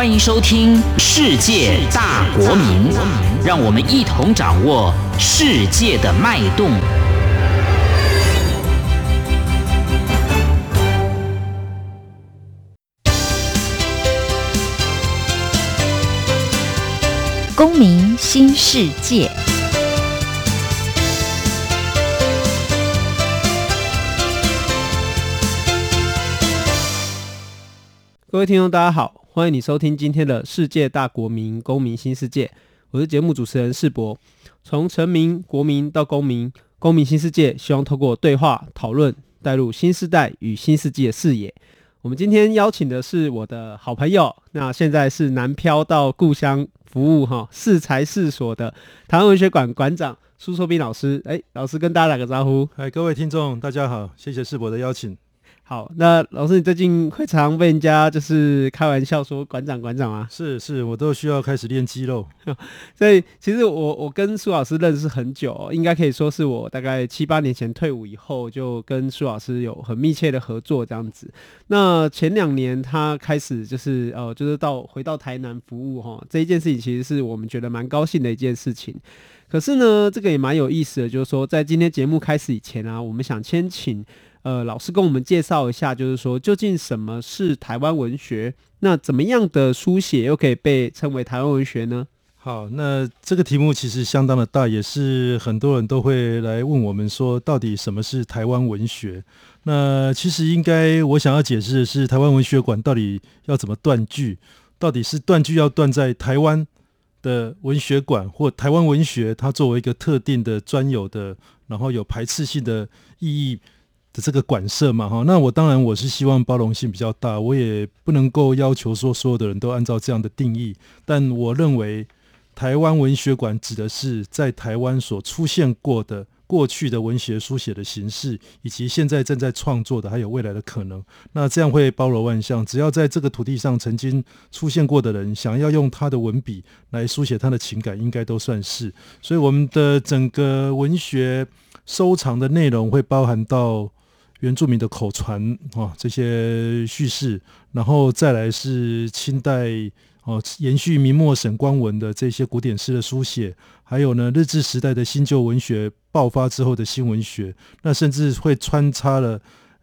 歡迎收聽《世界大國民》，讓我們一同掌握世界的脈動。公民新世界，各位聽眾，大家好。歡迎你收聽今天的世界大國民公民新世界，我是節目主持人世博。從臣民、國民到公民，公民新世界希望透過對話討論，帶入新時代與新世界的視野。我們今天邀請的是我的好朋友，那現在是南漂到故鄉服務哈，四、哦、才、四所的台灣文學館館館長蘇碩斌老師。哎，老師跟大家打個招呼。哎，各位聽眾大家好，謝謝世博的邀請。好，那老師，你最近會常被人家就是開玩笑說館長館長啊？是是，我都需要開始練肌肉。 所以其實我我跟蘇老師認識很久、哦，應該可以說是我大概七八年前退伍以後，就跟蘇老師有很密切的合作這樣子。那前兩年他開始就是呃，就是到回到台南服務哈、哦，這一件事情其實是我們覺得蠻高興的一件事情。可是呢，這個也蠻有意思的，就是說在今天節目開始以前啊，我們想先請。呃，老師跟我們介紹一下，就是說究竟什麼是台灣文學？那怎麼樣的書寫又可以被稱為台灣文學呢？好，那這個題目其實相當的大，也是很多人都會來問我們說，到底什麼是台灣文學？那其實應該我想要解釋的是，台灣文學館到底要怎麼斷句？到底是斷句要斷在台灣的文學館，或台灣文學，它作為一個特定的、專有的，然後有排斥性的意義。的這個館舍嘛，哈，那我當然我是希望包容性比較大，我也不能夠要求說所有的人都按照這樣的定義。但我認為，台灣文學館指的是在台灣所出現過的過去的文學書寫的形式，以及現在正在創作的，還有未來的可能。那這樣會包羅萬象，只要在這個土地上曾經出現過的人，想要用他的文筆來書寫他的情感，應該都算是。所以我們的整個文學收藏的內容會包含到。原住民的口傳啊、哦，這些敘事，然後再來是清代哦，延續明末沈光文的這些古典詩的書寫，還有呢，日治時代的新舊文學爆發之後的新文學，那甚至會穿插了。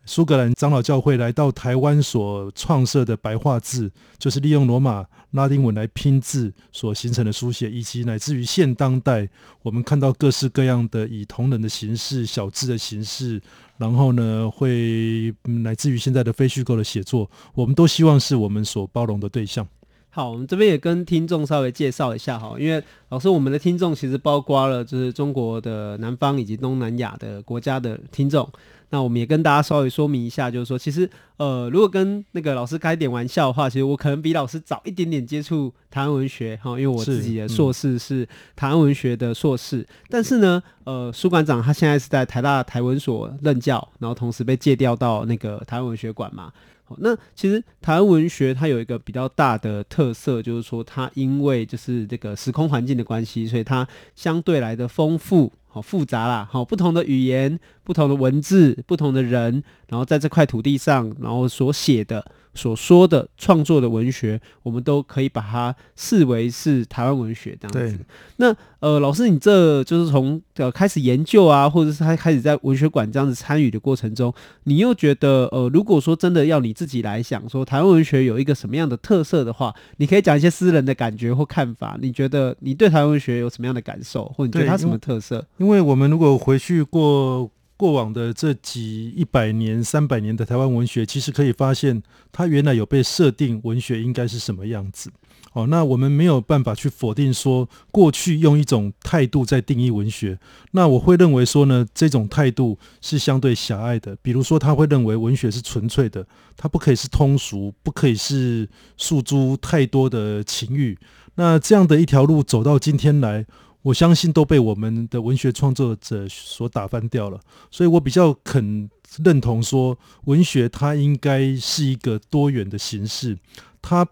蘇格蘭長老教會來到台灣所創設的白話字，就是利用羅馬拉丁文來拼字所形成的書寫。以及乃至於現當代，我們看到各式各樣的以同人的形式、小字的形式，然後呢，會嗯乃至於現在的非虛構的寫作，我們都希望是我們所包容的對象。好，我們這邊也跟聽眾稍微介紹一下哈，因為老師，我們的聽眾其實包括了就是中國的南方以及東南亞的國家的聽眾。那我們也跟大家稍微說明一下，就是說，其實呃，如果跟那個老師開點玩笑的話，其實我可能比老師早一點點接觸台灣文學哈，因為我自己的碩士是台灣文學的碩士，嗯。但是呢，呃，蘇館長他現在是在台大台文所任教，然後同時被借調到那個台灣文學館嘛。那其實台灣文學它有一個比較大的特色，就是說它因為就是這個時空環境的關係，所以它相對來的豐富、好複雜啦，好不同的語言、不同的文字、不同的人，然後在這塊土地上，然後所寫的。所說的創作的文學，我們都可以把它視為是台灣文學這樣子。那呃，老師，你這就是從、呃、開始研究啊，或者是他開始在文學館這樣子參與的過程中，你又覺得呃，如果說真的要你自己來想說台灣文學有一個什麼樣的特色的話，你可以講一些私人的感覺或看法。你覺得你對台灣文學有什麼樣的感受，或者你覺得它什麼特色？因為我們如果回去過。過往的這幾一百年、三百年的台灣文學，其實可以發現，它原來有被設定文學應該是什麼樣子。哦，那我們沒有辦法去否定說，過去用一種態度在定義文學。那我會認為說呢，這種態度是相對狹隘的。比如說，他會認為文學是純粹的，它不可以是通俗，不可以是訴諸太多的情欲。那這樣的一條路走到今天來。我相信都被我們的文學創作者所打翻掉了，所以我比較肯認同說，文學它應該是一個多元的形式，它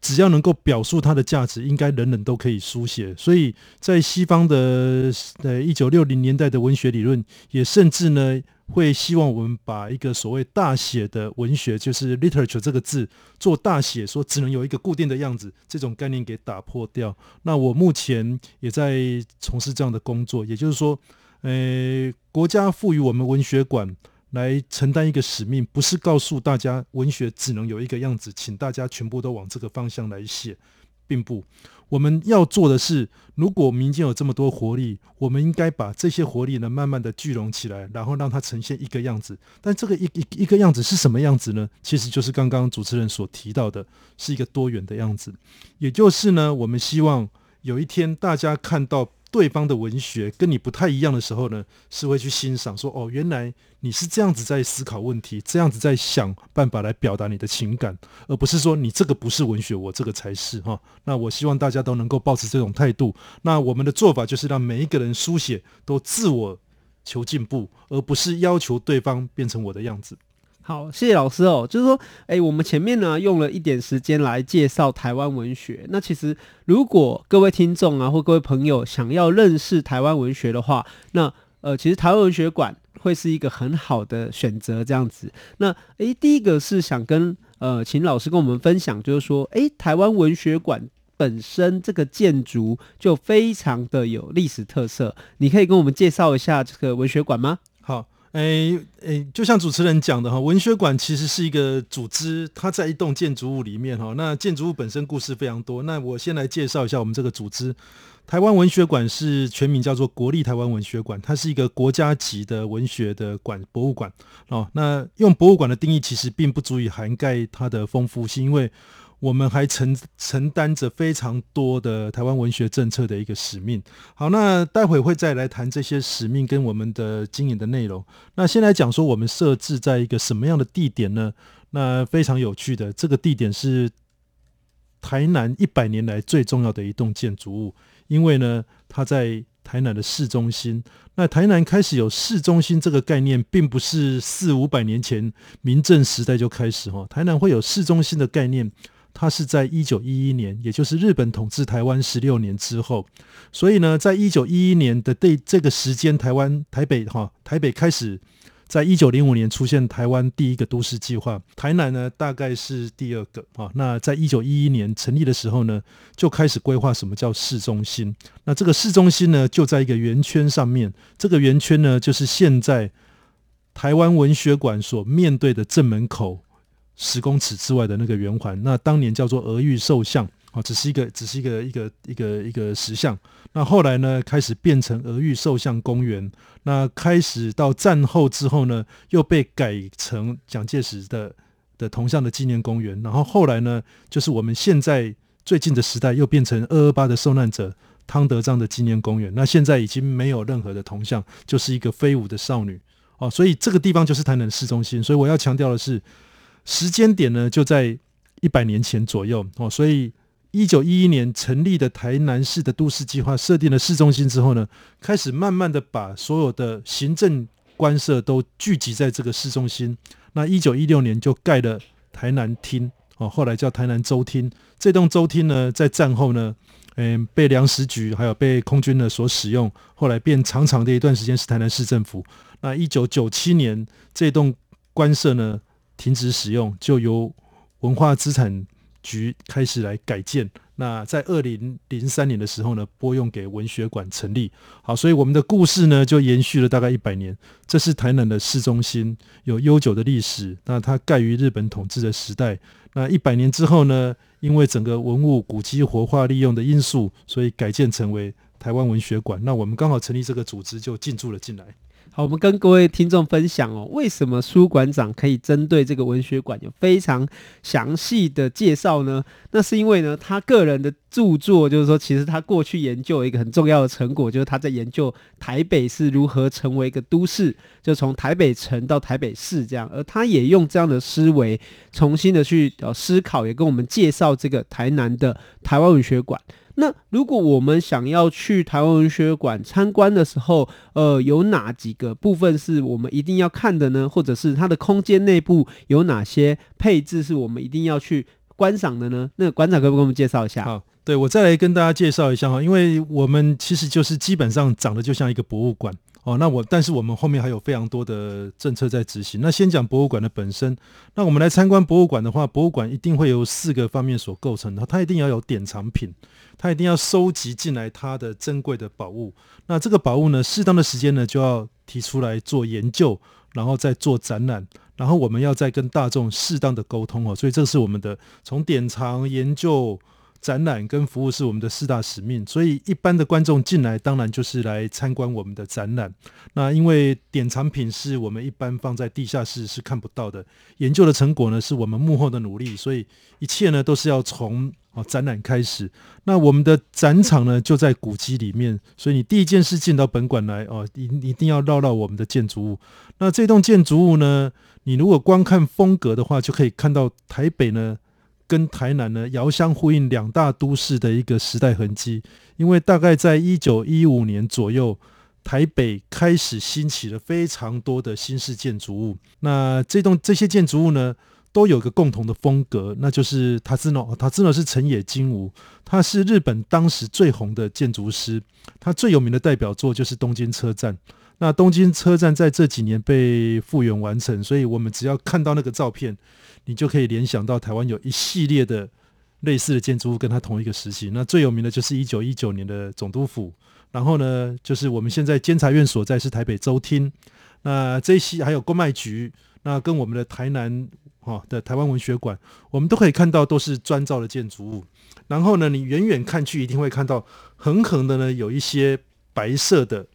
只要能夠表述它的價值，應該人人都可以書寫。所以在西方的呃一九六零年代的文學理論，也甚至呢。會希望我們把一個所謂大寫的文學，就是 literature 這個字做大寫，說只能有一個固定的樣子，這種概念給打破掉。那我目前也在從事這樣的工作，也就是說，呃，國家賦予我們文學館來承擔一個使命，不是告訴大家文學只能有一個樣子，請大家全部都往這個方向來寫。並不，我們要做的是，如果民間有這麼多活力，我們應該把這些活力呢，慢慢的聚攏起來，然後讓它呈現一個樣子。但這個一一一個樣子是什麼樣子呢？其實就是剛剛主持人所提到的，是一個多元的樣子，也就是呢，我們希望有一天大家看到。對方的文學跟你不太一樣的時候呢，是會去欣賞說，說哦，原來你是這樣子在思考問題，這樣子在想辦法來表達你的情感，而不是說你這個不是文學，我這個才是哈。那我希望大家都能夠保持這種態度。那我們的做法就是讓每一個人書寫都自我求進步，而不是要求對方變成我的樣子。好，謝謝老師哦。就是說，哎，我們前面呢用了一點時間來介紹台灣文學。那其實，如果各位聽眾啊或各位朋友想要認識台灣文學的話，那呃，其實台灣文學館會是一個很好的選擇。這樣子，那誒，第一個是想跟呃，請老師跟我們分享，就是說，誒，台灣文學館本身這個建築就非常的有歷史特色。你可以跟我們介紹一下這個文學館嗎？誒誒，就像主持人講的哈，文學館其實是一個組織，它在一棟建築物裡面哈。那建築物本身故事非常多。那我先來介紹一下我們這個組織，台灣文學館是全名叫做國立台灣文學館，它是一個國家級的文學的館博物館哦。那用博物館的定義其實並不足以涵蓋它的豐富性，因為。我們還承承擔着非常多的台灣文學政策的一個使命。好，那待會會再來談這些使命跟我們的經營的內容。那先來講說我們設置在一個什麼樣的地點呢？那非常有趣的這個地點是台南一百年來最重要的一棟建築物，因為呢，它在台南的市中心。那台南開始有市中心這個概念，並不是四五百年前明鄭時代就開始哈。台南會有市中心的概念。它是在一九一一年，也就是日本統治台灣十六年之後，所以呢，在一九一一年的這這個時間，台灣台北哈台北開始，在一九零五年出現台灣第一個都市計劃，台南呢大概是第二個啊。那在一九一一年成立的時候呢，就開始規劃什麼叫市中心。那這個市中心呢，就在一個圓圈上面，這個圓圈呢，就是現在台灣文學館所面對的正門口，十公尺之外的那個圓環，那當年叫做兒玉壽像啊，只是一個只是一個一個一個一個石像。那後來呢，開始變成兒玉壽像公園。那開始到戰後之後呢，又被改成蔣介石的的銅像的紀念公園。然後後來呢，就是我們現在最近的時代又變成二二八的受難者湯德章的紀念公園。那現在已經沒有任何的銅像，就是一個飛舞的少女哦。所以這個地方就是台南市中心。所以我要強調的是，時間點呢，就在一百年前左右哦，所以一九一一年成立的台南市的都市計劃設定了市中心之後呢，開始慢慢的把所有的行政官舍都聚集在這個市中心。那一九一六年就蓋了台南廳哦，後來叫台南州廳。這棟州廳呢，在戰後呢，嗯、呃，被糧食局還有被空軍呢所使用，後來變長長的一段時間是台南市政府。那一九九七年這棟官舍呢，停止使用，就由文化資產局開始來改建。那在二零零三年的時候呢，撥用給文學館成立。好，所以我們的故事呢，就延續了大概一百年。這是台南的市中心，有悠久的歷史。那它蓋於日本統治的時代。那一百年之後呢，因為整個文物古蹟活化利用的因素，所以改建成為台灣文學館。那我們剛好成立這個組織，就進駐了進來。好，我們跟各位聽眾分享哦，為什麼蘇館長可以針對這個文學館有非常詳細的介紹呢？那是因為呢，他個人的著作就是說，其實他過去研究一個很重要的成果，就是他在研究台北是如何成為一個都市，就從台北城到台北市這樣。而他也用這樣的思維重新的去呃思考，也跟我們介紹這個台南的台灣文學館。那如果我們想要去台灣文學館參觀的時候，呃，有哪幾個部分是我們一定要看的呢？或者是它的空間內部有哪些配置是我們一定要去觀賞的呢？那個、館長可不可以給我們介紹一下？好，對，我再來跟大家介紹一下哈，因為我們其實就是基本上長得就像一個博物館哦。那我但是我們後面還有非常多的政策在執行。那先講博物館的本身，那我們來參觀博物館的話，博物館一定會由四個方面所構成的，它一定要有典藏品。他一定要收集進來他的珍貴的寶物，那這個寶物呢，適當的時間呢就要提出來做研究，然後再做展覽，然後我們要再跟大眾適當的溝通哦，所以這是我們的從典藏研究、展覽跟服務是我們的四大使命，所以一般的觀眾進來當然就是來參觀我們的展覽。那因為典藏品是我們一般放在地下室是看不到的，研究的成果呢是我們幕後的努力，所以一切呢都是要從哦展覽開始。那我們的展場呢就在古蹟裡面，所以你第一件事進到本館來哦，一一定要繞繞我們的建築物。那這棟建築物呢，你如果光看風格的話，就可以看到台北呢，跟台南呢遙相呼應，兩大都市的一個時代痕跡。因為大概在一九一五年左右，台北開始興起了非常多的新式建築物。那這棟這些建築物呢，都有個共同的風格，那就是塔之諾。塔之諾是辰野金吾，他是日本當時最紅的建築師，他最有名的代表作就是東京車站。那東京車站在這幾年被復原完成，所以我們只要看到那個照片，你就可以聯想到台灣有一系列的類似的建築物，跟它同一個時期。那最有名的就是一九一九年的總督府，然後呢，就是我們現在監察院所在是台北州廳，那這些還有公賣局，那跟我們的台南哈、哦、的台灣文學館，我們都可以看到都是磚造的建築物。然後呢，你遠遠看去一定會看到橫橫的呢有一些白色的。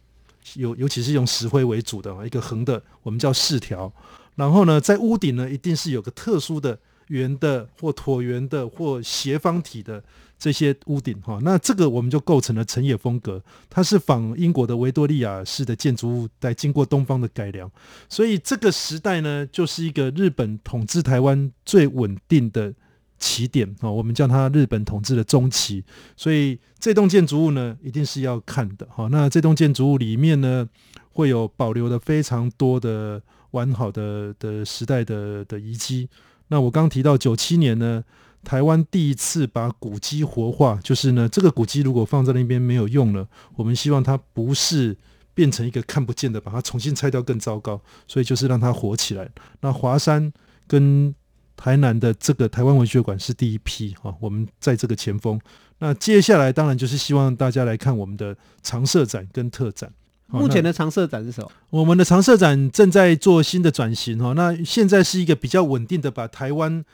尤尤其是用石灰為主的啊，一個橫的，我們叫飾條。然後呢，在屋頂呢，一定是有個特殊的圓的或橢圓的或斜方體的這些屋頂哈。那這個我們就構成了辰野風格，它是仿英國的維多利亞式的建築物，在經過東方的改良。所以這個時代呢，就是一個日本統治台灣最穩定的。起點哦，我們叫它日本統治的中期，所以這棟建築物呢，一定是要看的哈。那這棟建築物裡面呢，會有保留的非常多的完好的的時代的的遺跡。那我剛提到九七年呢，台灣第一次把古蹟活化，就是呢，這個古蹟如果放在那邊沒有用了，我們希望它不是變成一個看不見的，把它重新拆掉更糟糕，所以就是讓它活起來。那華山跟台南的這個台灣文學館是第一批哈，我們在這個前鋒。那接下來當然就是希望大家來看我們的常設展跟特展。目前的常設展是什麼？我們的常設展正在做新的轉型哈，那現在是一個比較穩定的，把台灣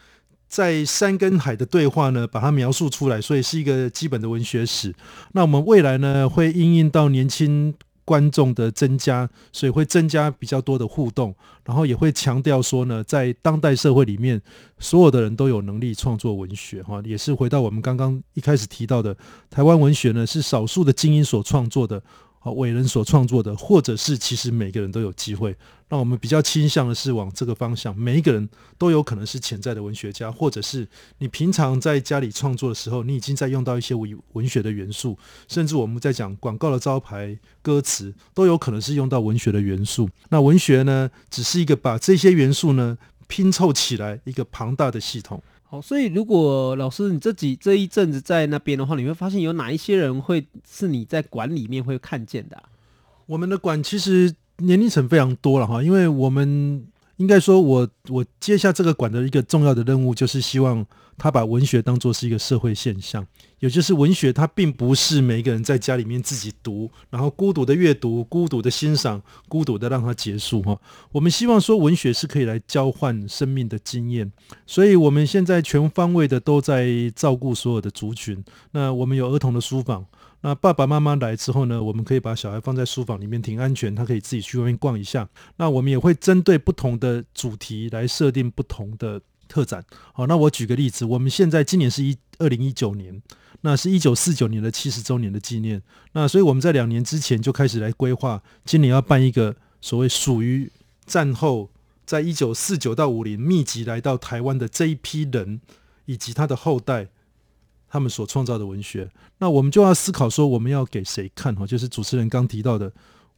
在山跟海的對話呢，把它描述出來，所以是一個基本的文學史。那我們未來呢，會應用到年輕。觀眾的增加，所以會增加比較多的互動，然後也會強調說呢，在當代社會裡面，所有的人都有能力創作文學，哈，也是回到我們剛剛一開始提到的，台灣文學呢，是少數的精英所創作的。啊，偉人所創作的，或者是其實每個人都有機會。那我們比較傾向的是往這個方向，每一個人都有可能是潛在的文學家，或者是你平常在家裡創作的時候，你已經在用到一些文文學的元素。甚至我們在講廣告的招牌、歌詞，都有可能是用到文學的元素。那文學呢，只是一個把這些元素呢拼湊起來一個龐大的系統。哦，所以如果老師你這幾這一陣子在那邊的話，你會發現有哪一些人會是你在館裡面會看見的啊？我們的館其實年齡層非常多了哈，因為我們應該說我，我我接下這個館的一個重要的任務就是希望。他把文學當作是一個社會現象，也就是文學，它並不是每一個人在家裡面自己讀，然後孤獨的閱讀、孤獨的欣賞、孤獨的讓它結束哈。我們希望說文學是可以來交換生命的經驗，所以我們現在全方位的都在照顧所有的族群。那我們有兒童的書房，那爸爸媽媽來之後呢，我們可以把小孩放在書房裡面挺安全，他可以自己去外面逛一下。那我們也會針對不同的主題來設定不同的特展，好，那我舉個例子，我們現在今年是一二零一九年，那是一九四九年的七十週年的紀念，那所以我們在兩年之前就開始來規劃，今年要辦一個所謂屬於戰後，在一九四九到五零密集來到台灣的這一批人以及他的後代，他們所創造的文學，那我們就要思考說，我們要給誰看？哈，就是主持人剛提到的，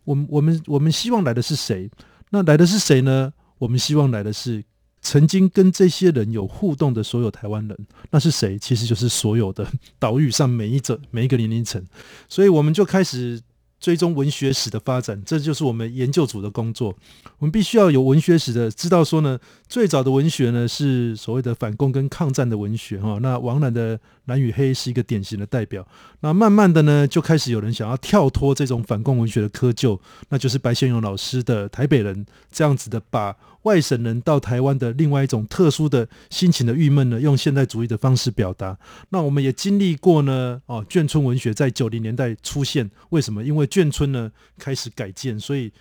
我們我們我們希望來的是誰？那來的是誰呢？我們希望來的是。曾經跟這些人有互動的所有台灣人，那是誰？其實就是所有的島嶼上每一者每一個年齡層，所以我們就開始追蹤文學史的發展，這就是我們研究組的工作。我們必須要有文學史的，知道說呢，最早的文學呢是所謂的反共跟抗戰的文學，哈，那王藍的《藍與黑》是一個典型的代表。那慢慢的呢，就開始有人想要跳脫這種反共文學的窠臼，那就是白先勇老師的《台北人》這樣子的把。外省人到台灣的另外一種特殊的心情的鬱悶呢，用現代主義的方式表達。那我們也經歷過呢，哦、啊，眷村文學在九零年代出現，為什麼？因為眷村呢開始改建，所以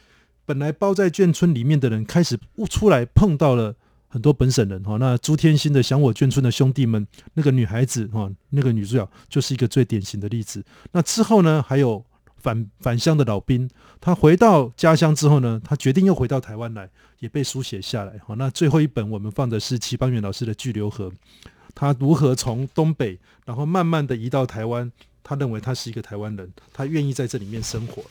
本來包在眷村裡面的人開始出來碰到了很多本省人。哈、啊，那朱天心的《想我眷村的兄弟們》，那個女孩子，哈、啊，那個女主角就是一個最典型的例子。那之後呢，還有。返返鄉的老兵，他回到家鄉之後呢，他決定又回到台灣來，也被書寫下來。好，那最後一本我們放的是齊邦媛老師的《巨流河》，他如何從東北，然後慢慢地移到台灣，他認為他是一個台灣人，他願意在這裡面生活。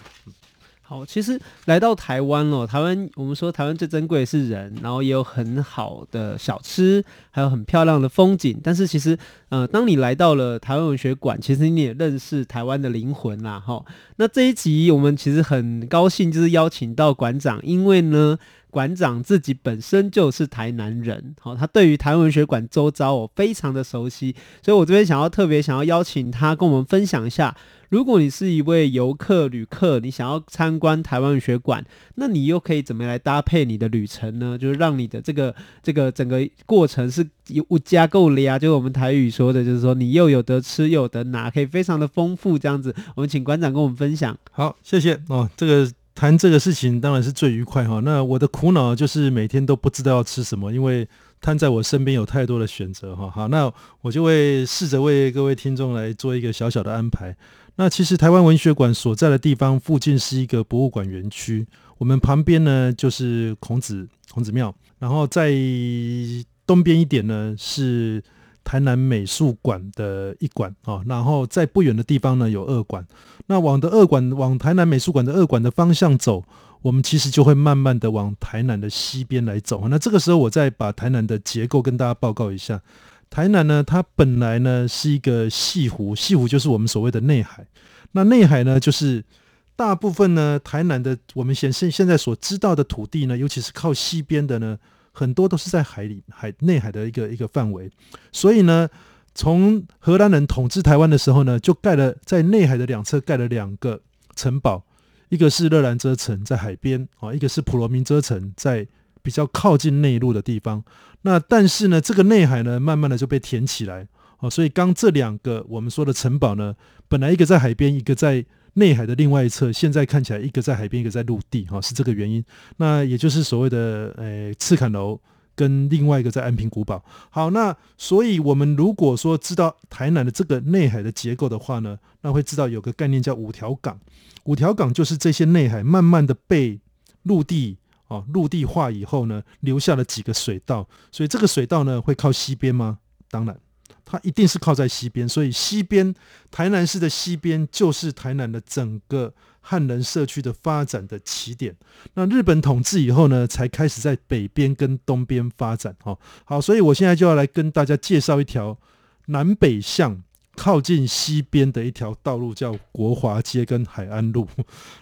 哦，其實來到台灣哦，台灣我們說台灣最珍貴的是人，然後也有很好的小吃，還有很漂亮的風景。但是其實，呃，當你來到了台灣文學館，其實你也認識台灣的靈魂啦，哈。那這一集我們其實很高興，就是邀請到館長，因為呢，館長自己本身就是台南人，好，他對於台灣文學館周遭我非常的熟悉，所以我這邊想要特別想要邀請他跟我們分享一下。如果你是一位遊客、旅客，你想要參觀台灣文學館，那你又可以怎麼來搭配你的旅程呢？就是讓你的這個、這個整個過程是有物加夠了呀、啊。就是我們台語說的，就是說你又有得吃，又有得拿，可以非常的豐富這樣子。我們請館長跟我們分享。好，謝謝哦。這個談這個事情當然是最愉快哈、哦。那我的苦惱就是每天都不知道要吃什麼，因為攤在我身邊有太多的選擇哈、哦。好，那我就會試着為各位聽眾來做一個小小的安排。那其實台灣文學館所在的地方附近是一個博物館園區，我們旁邊呢就是孔子孔子廟，然後在東邊一點呢是台南美術館的一館啊，然後在不遠的地方呢有二館。那往的二館往台南美術館的二館的方向走，我們其實就會慢慢的往台南的西邊來走。那這個時候，我再把台南的結構跟大家報告一下。台南呢，它本來呢是一個潟湖，潟湖就是我們所謂的內海。那內海呢，就是大部分呢，台南的我們現現現在所知道的土地呢，尤其是靠西邊的呢，很多都是在海裡海內海的一個一個範圍。所以呢，從荷蘭人統治台灣的時候呢，就蓋了，在內海的兩側蓋了兩個城堡，一個是熱蘭遮城在海邊啊，一個是普羅民遮城在，比較靠近內陸的地方，那但是呢，這個內海呢，慢慢的就被填起來啊、哦，所以剛這兩個我們說的城堡呢，本來一個在海邊，一個在內海的另外一側，現在看起來一個在海邊，一個在陸地，哈、哦，是這個原因。那也就是所謂的呃赤坎樓跟另外一個在安平古堡。好，那所以我們如果說知道台南的這個內海的結構的話呢，那會知道有個概念叫五條港，五條港就是這些內海慢慢的被陸地。哦，陸地化以後呢，留下了幾個水道，所以這個水道呢，會靠西邊嗎？當然，它一定是靠在西邊，所以西邊台南市的西邊就是台南的整個漢人社區的發展的起點。那日本統治以後呢，才開始在北邊跟東邊發展。哈、哦，好，所以我現在就要來跟大家介紹一條南北向。靠近西邊的一條道路，叫國華街跟海安路，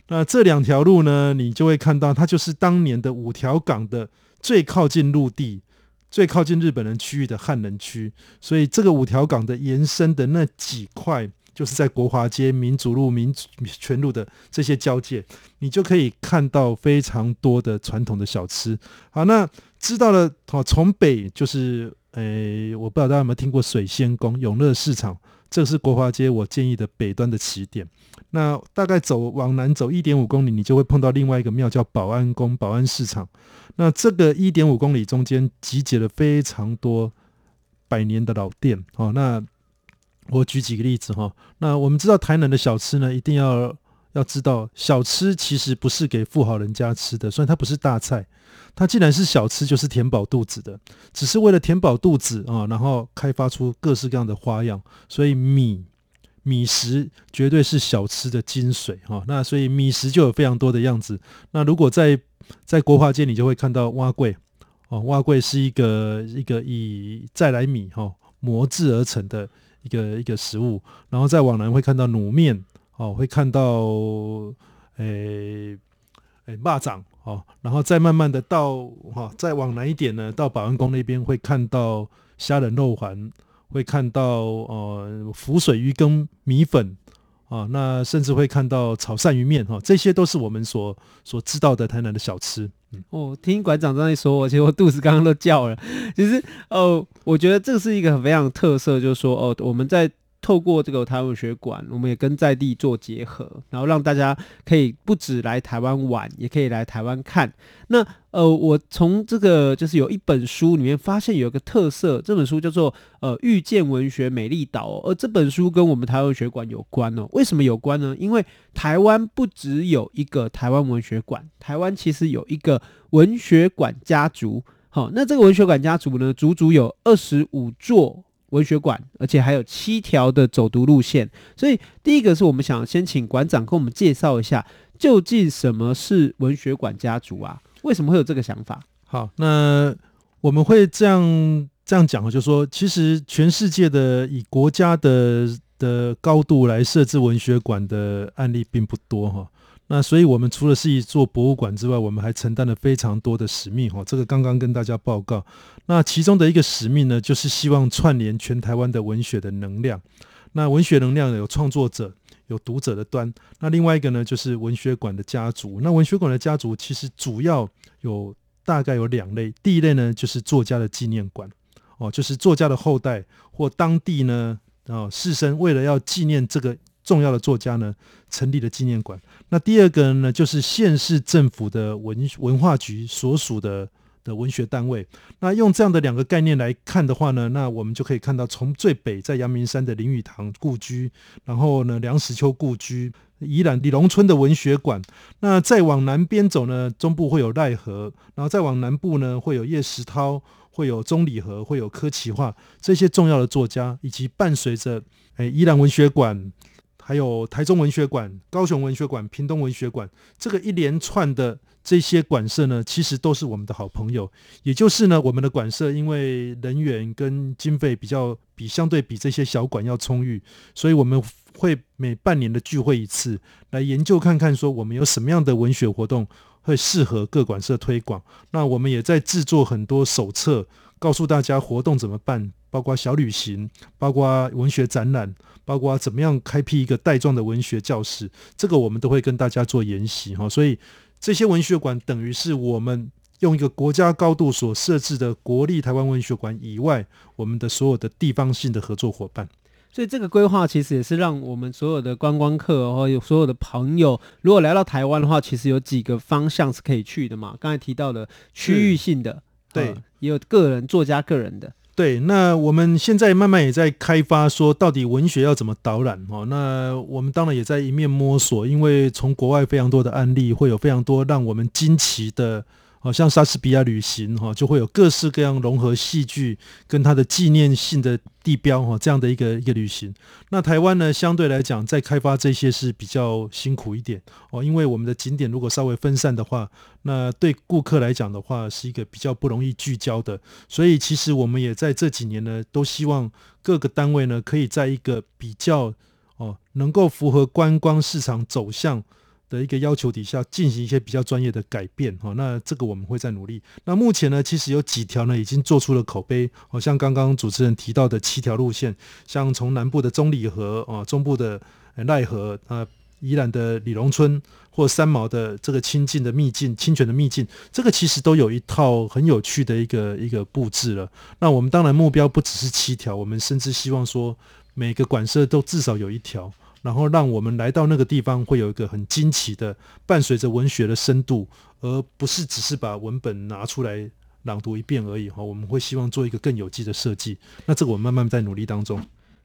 那這兩條路呢，你就會看到它就是當年的五條港的最靠近陸地、最靠近日本人區域的漢人區。所以這個五條港的延伸的那幾塊，就是在國華街、民主路、民權路的這些交界，你就可以看到非常多的傳統的小吃。好，那知道了，好，從北就是，誒，我不知道大家有沒有聽過水仙宮、永樂市場。這是國華街，我建議的北端的起點。那大概走往南走一點五公里，你就會碰到另外一個廟，叫保安宮、保安市場。那這個一點五公里中間集結了非常多百年的老店。哦，那我舉幾個例子哈。那我們知道台南的小吃呢，一定要要知道，小吃其實不是給富豪人家吃的，雖然它不是大菜。它既然是小吃，就是填飽肚子的，只是為了填飽肚子啊，然後開發出各式各樣的花樣。所以米米食絕對是小吃的精髓哈。那所以米食就有非常多的樣子。那如果在在國華街你就會看到碗粿哦，碗粿是一個一個以再來米哈磨製而成的一個一個食物。然後再往南會看到滷麵哦，會看到誒誒螞蚱。哎哎哦，然後再慢慢的到哈、哦，再往南一點呢，到保安宮那邊會看到蝦仁肉圓，會看到呃浮水魚羹米粉，啊、哦，那甚至會看到炒鱔魚面哈、哦，這些都是我們所所知道的台南的小吃。嗯、哦，聽館長這樣一說，我其實我肚子剛剛都叫了。其實哦，我覺得這是一個非常有特色，就是說哦，我們在透過這個台灣文學館，我們也跟在地做結合，然後讓大家可以不只來台灣玩，也可以來台灣看。那呃，我從這個就是有一本書裡面發現有一個特色，這本書叫做呃，《遇見文學美麗島》，而這本書跟我們台灣文學館有關哦。為什麼有關呢？因為台灣不只有一個台灣文學館，台灣其實有一個文學館家族。好、哦，那這個文學館家族呢，足足有二十五座。文學館，而且還有七條的走讀路線，所以第一個是我們想先請館長跟我們介紹一下，究竟什麼是文學館家族啊？為什麼會有這個想法？好，那我們會這樣這樣講啊，就是說其實全世界的以國家的的高度來設置文學館的案例並不多哈。那所以，我們除了是一座博物館之外，我們還承擔了非常多的使命哈。這個剛剛跟大家報告。那其中的一個使命呢，就是希望串聯全台灣的文學的能量。那文學能量有創作者，有讀者的端。那另外一個呢，就是文學館的家族。那文學館的家族其實主要有大概有兩類。第一類呢，就是作家的紀念館哦，就是作家的後代或當地呢哦士紳為了要紀念這個。重要的作家呢，成立了紀念館。那第二個呢，就是縣市政府的文文化局所屬的的文學單位。那用這樣的兩個概念來看的話呢，那我們就可以看到，從最北在陽明山的林語堂故居，然後呢梁實秋故居，宜蘭李榮春的文學館。那再往南邊走呢，中部會有賴和，然後再往南部呢會有葉石濤，會有鍾理和，會有柯旗化這些重要的作家，以及伴隨着誒，宜蘭文學館。還有台中文學館、高雄文學館、屏東文學館，這個一連串的這些館舍呢，其實都是我們的好朋友。也就是呢，我們的館舍因為人員跟經費比較比相對比這些小館要充裕，所以我們會每半年的聚會一次，來研究看看說我們有什麼樣的文學活動會適合各館舍推廣。那我們也在制作很多手冊，告訴大家活動怎麼辦。包括小旅行，包括文學展覽，包括怎麼樣開闢一個帶狀的文學教室，這個我們都會跟大家做研習哈、哦。所以這些文學館等於是我們用一個國家高度所設置的國立台灣文學館以外，我們的所有的地方性的合作夥伴。所以這個規劃其實也是讓我們所有的觀光客和有所有的朋友，如果來到台灣的話，其實有幾個方向是可以去的嘛。剛才提到的區域性的，嗯呃、對，也有個人作家個人的。對，那我們現在慢慢也在開發，說到底文學要怎麼導覽哦。那我們當然也在一面摸索，因為從國外非常多的案例，會有非常多讓我們驚奇的。好像莎士比亞旅行哈，就會有各式各樣融合戲劇跟它的紀念性的地標哈，這樣的一個一個旅行。那台灣呢，相對來講在開發這些是比較辛苦一點哦，因為我們的景點如果稍微分散的話，那對顧客來講的話是一個比較不容易聚焦的。所以其實我們也在這幾年呢，都希望各個單位呢可以在一個比較哦能夠符合觀光市場走向的一個要求底下進行一些比較專業的改變哈、哦，那這個我們會再努力。那目前呢，其實有幾條呢已經做出了口碑，好、哦、像剛剛主持人提到的七條路線，像從南部的鍾理和啊、哦，中部的賴和啊、呃，宜蘭的李榮春或三毛的這個清淨的秘境、清泉的秘境，這個其實都有一套很有趣的一個一個佈置了。那我們當然目標不只是七條，我們甚至希望說每個館舍都至少有一條。然後讓我們來到那個地方，會有一個很驚奇的，伴隨着文學的深度，而不是只是把文本拿出來朗讀一遍而已哈。我們會希望做一個更有機的設計，那這個我們慢慢在努力當中。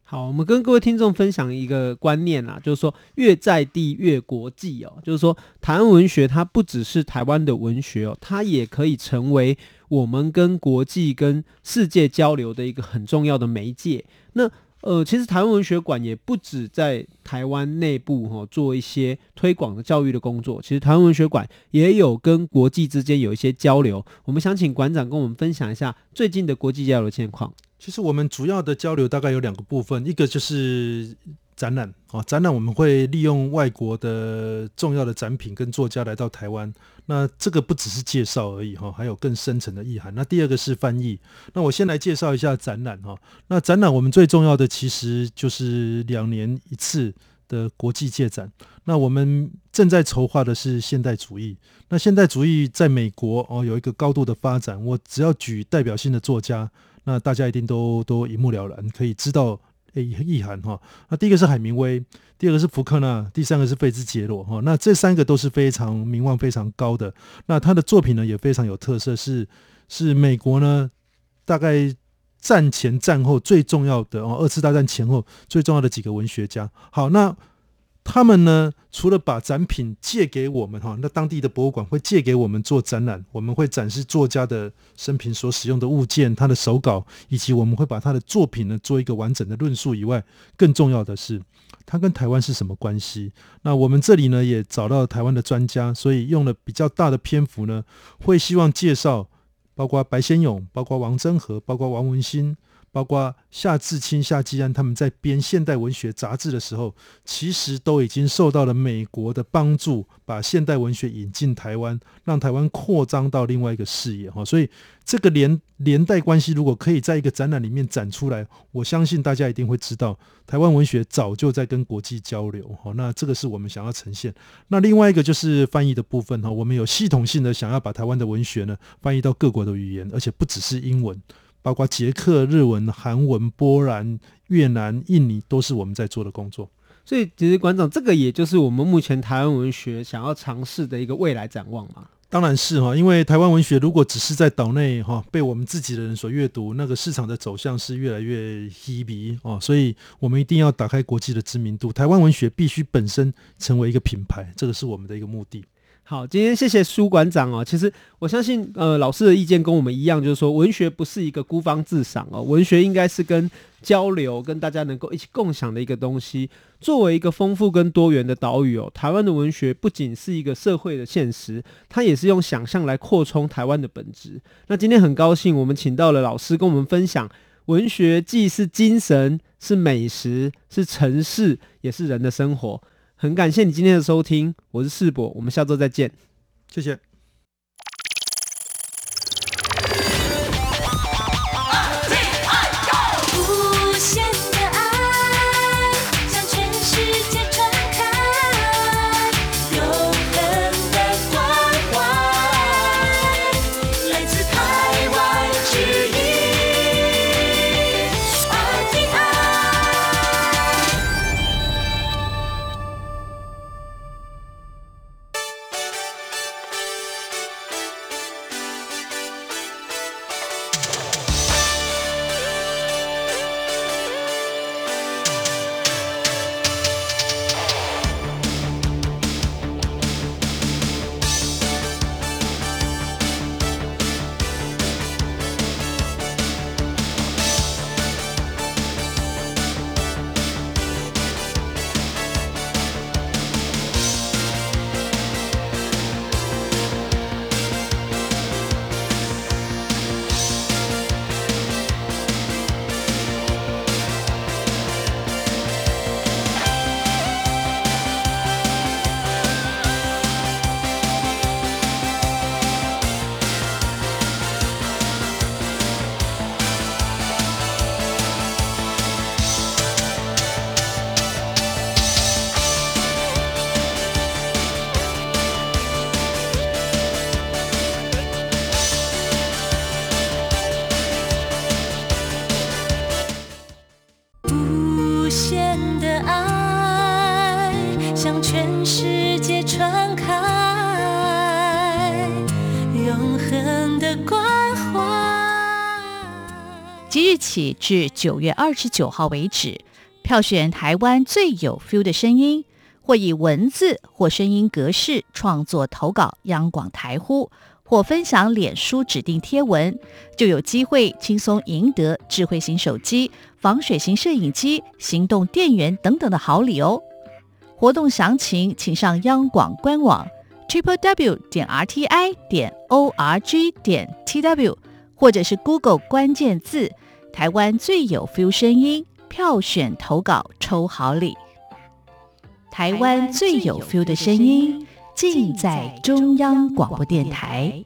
好，我們跟各位聽眾分享一個觀念啊，就是說越在地越國際哦，就是說台灣文學它不只是台灣的文學哦，它也可以成為我們跟國際跟世界交流的一個很重要的媒介。那。呃，其實台灣文學館也不止在台灣內部哈、哦、做一些推廣的教育的工作，其實台灣文學館也有跟國際之間有一些交流。我們想請館長跟我們分享一下最近的國際交流的現況。其實我們主要的交流大概有兩個部分，一個就是展覽哦，展覽我們會利用外國的重要的展品跟作家來到台灣。那這個不只是介紹而已哈，還有更深層的意涵。那第二個是翻譯。那我先來介紹一下展覽哈。那展覽我們最重要的其實就是兩年一次的國際借展。那我們正在籌劃的是現代主義。那現代主義在美國哦有一個高度的發展。我只要舉代表性的作家，那大家一定都都一目了然，可以知道。意涵哈，那第一個是海明威，第二個是福克納，第三個是費茲傑羅哈，那這三個都是非常名望非常高的，那他的作品呢也非常有特色，是是美國呢大概戰前戰後最重要的哦，二次大戰前後最重要的幾個文學家。好，那。他們呢，除了把展品借給我們哈，那當地的博物館會借給我們做展覽，我們會展示作家的生平所使用的物件、他的手稿，以及我們會把他的作品呢做一個完整的論述以外，更重要的是，他跟台灣是什麼關係？那我們這裡呢也找到台灣的專家，所以用了比較大的篇幅呢，會希望介紹，包括白先勇、包括王禎和、包括王文興。包括夏志清、夏濟安，他們在編現代文學雜誌的時候，其實都已經受到了美國的幫助，把現代文學引進台灣，讓台灣擴張到另外一個視野。所以這個連連帶關係，如果可以在一個展覽裡面展出來，我相信大家一定會知道，台灣文學早就在跟國際交流。那這個是我們想要呈現。那另外一個就是翻譯的部分，我們有系統性的想要把台灣的文學呢翻譯到各國的語言，而且不只是英文。包括捷克、日文、韓文、波蘭、越南、印尼，都是我們在做的工作。所以，其實館長，這個也就是我們目前台灣文學想要嘗試的一個未來展望嘛。當然是哈，因為台灣文學如果只是在島內哈被我們自己的人所閱讀，那個市場的走向是越來越稀微哦。所以我們一定要打開國際的知名度，台灣文學必須本身成為一個品牌，這個是我們的一個目的。好，今天謝謝蘇館長哦。其實我相信，呃，老師的意見跟我們一樣，就是說，文學不是一個孤芳自賞哦，文學應該是跟交流、跟大家能夠一起共享的一個東西。作為一個豐富跟多元的島嶼哦，台灣的文學不僅是一個社會的現實，它也是用想象來擴充台灣的本質。那今天很高興，我們請到了老師跟我們分享，文學既是精神，是美食，是城市，也是人的生活。很感謝你今天的收聽，我是世博，我們下周再見，謝謝。無限的愛向全世界傳開，永恆的關懷。即日起至九月二十九號為止，票選台灣最有 feel 的聲音，或以文字或聲音格式創作投稿，央廣台呼。或分享臉書指定貼文，就有機會輕鬆贏得智慧型手機、防水型攝影機、行動電源等等的好禮哦！活動詳情請上央廣官網 triple w 點 r t i 點 o r g 點 t w，或者是 Google 關鍵字“台灣最有 feel 聲音”票選投稿抽好禮。台灣最有 feel 的聲音。盡在中央廣播電台。